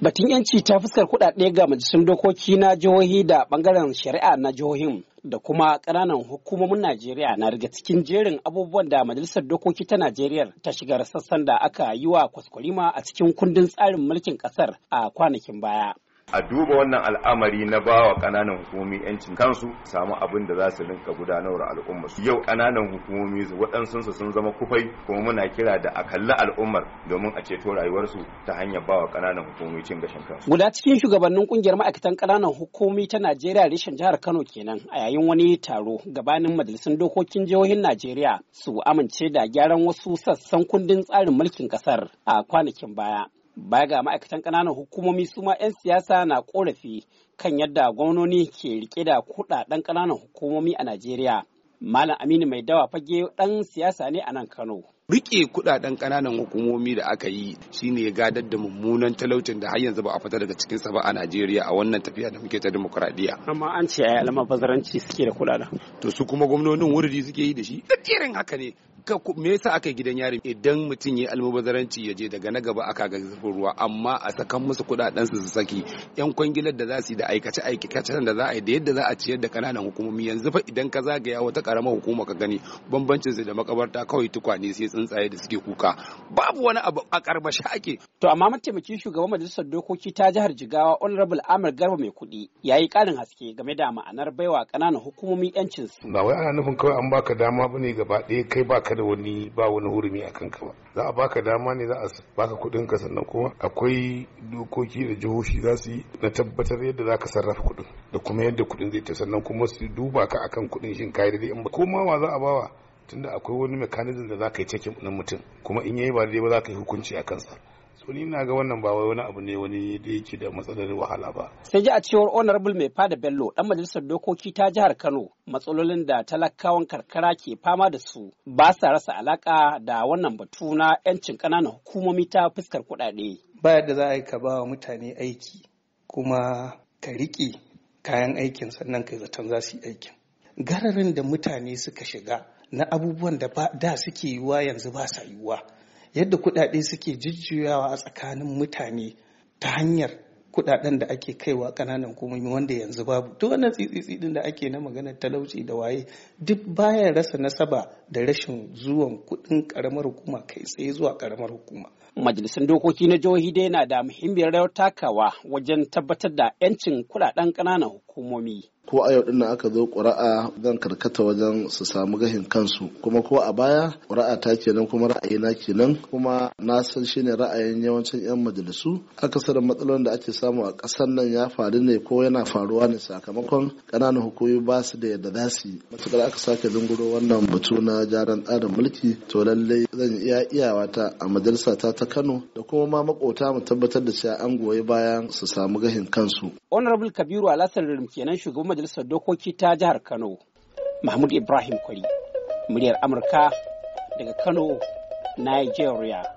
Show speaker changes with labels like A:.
A: Batun yanci ta fuskar kuɗaɗe ga majalisun dokoki na jihohi da ɓangaren shari'a na jihohin da kuma ƙananan hukumomin Najeriya na daga cikin jerin abubuwan da majalisar dokoki ta Najeriya ta shiga sassan da aka yi wa kwaskwarima a cikin kundin tsarin mulkin ƙasar
B: a kwanakin baya. a duba wannan al'amari na bawa ƙananan hukumomi yancin kansu samu abin da za su rinka gudanarwa al'umma su yau kananan hukumomi waɗansu su sun zama kufai kuma muna kira da a kalli al'ummar domin a ceto rayuwarsu ta hanyar bawa kananan hukumomi cin gashin kansu
A: guda cikin shugabannin kungiyar ma'aikatan ƙananan hukumomi ta Najeriya reshen jihar Kano kenan a yayin wani taro gabanin majalisun dokokin jihohin Najeriya su amince da gyaran wasu sassan kundin tsarin mulkin kasar a kwanakin baya Baya ga ma'aikatan ƙananan hukumomi su ma 'yan siyasa na ƙorafi kan yadda gwamnoni ke rike da kuɗaɗen ƙananan hukumomi a Najeriya. Malam Aminu Mai Dawa fage ɗan siyasa ne a nan Kano.
B: Rike kuɗaɗen ƙananan hukumomi da aka yi shine ya gadar da mummunan talaucin da har yanzu ba a fita daga cikin sa ba a Najeriya a wannan tafiya da muke ta demokuraɗiyya. Amma an ce alama bazaranci suke da kuɗaɗen. To su kuma gwamnonin wuri suke yi da shi. Da haka ne duka me yasa aka gidan yari idan mutum ya yi almubazaranci ya je daga na gaba aka ga zafin ruwa amma a sakan musu kudaden su saki yan kwangilar da za su yi da aikace aikacen da za a yi da yadda za a ciyar da kananan hukumomi yanzu fa idan ka zagaya wata karamar hukuma ka gani bambancin su da makabarta kawai tukwane sai tsuntsaye da suke kuka babu wani abu a karbashi ake to amma mataimakin shugaban majalisar
A: dokoki ta jihar Jigawa Honorable Amir Garba mai kuɗi yayi karin haske game da ma'anar baiwa kananan
B: hukumomi yancin su ba wai ana nufin kawai an baka dama bane gaba ɗaya kai baka da wani ba wani hurumi a kanka ba za a baka dama ne za a baka kudin ka sannan kuma akwai dokoki da jihohi za su yi na tabbatar yadda za ka sarrafa kuɗin da kuma yadda kuɗin zai ta sannan kuma su duba ka akan kuɗin shin kai da in ba wa za a bawa tunda akwai wani mekanizm da za ka yi cikin na mutum kuma in yayi ba daidai ba za ka yi hukunci a kansa to ni na ga wannan ba wai wani abu ne wani da yake da matsalar wahala ba
A: sai ji a cewar honorable mai fada bello dan majalisar dokoki ta jihar kano matsalolin da talakawan karkara ke fama da su ba sa rasa alaka da wannan batu na yancin kananan hukumomi ta fuskar kuɗaɗe
C: ba yadda za a yi ka ba wa mutane aiki kuma ka riƙe kayan aikin sannan kai zaton za su yi aikin gararin da mutane suka shiga na abubuwan da da suke yiwuwa yanzu ba sa yiwuwa yadda kudade suke jujjuyawa a tsakanin mutane ta hanyar kudaden da ake kaiwa kananan hukumomi wanda yanzu babu duk wannan tsitsitsi din da ake na magana talauci da waye duk bayan rasa nasaba da rashin zuwan kudin karamar hukuma kai tsaye zuwa karamar hukuma majalisun dokoki na jihohi dai na da muhimmiyar rawar
A: takawa wajen tabbatar da 'yancin kudaden kananan
D: hukumomi ko a yau din nan aka zo ƙuri'a zan karkata wajen su samu gahin kansu kuma ko a baya ƙura'a ta kenan kuma ra'ayina kenan kuma na san shine ra'ayin yawancin 'yan majalisu akasarin matsalolin da ake samu a ƙasar nan ya faru ne ko yana faruwa ne sakamakon ƙananan hukumomi ba su da yadda za su yi matuƙar aka sake dunguro wannan batu na jaran tsarin mulki to lallai zan iya iyawa ta a majalisa ta ta Kano da kuma ma makota mu tabbatar da cewa an goyi bayan su samu gahin kansu.
A: Honorable Kabiru alhassan Rim kenan shugaban majalisar dokoki ta jihar Kano. Mahmud Ibrahim Kwari, muryar Amurka daga Kano, Nigeria.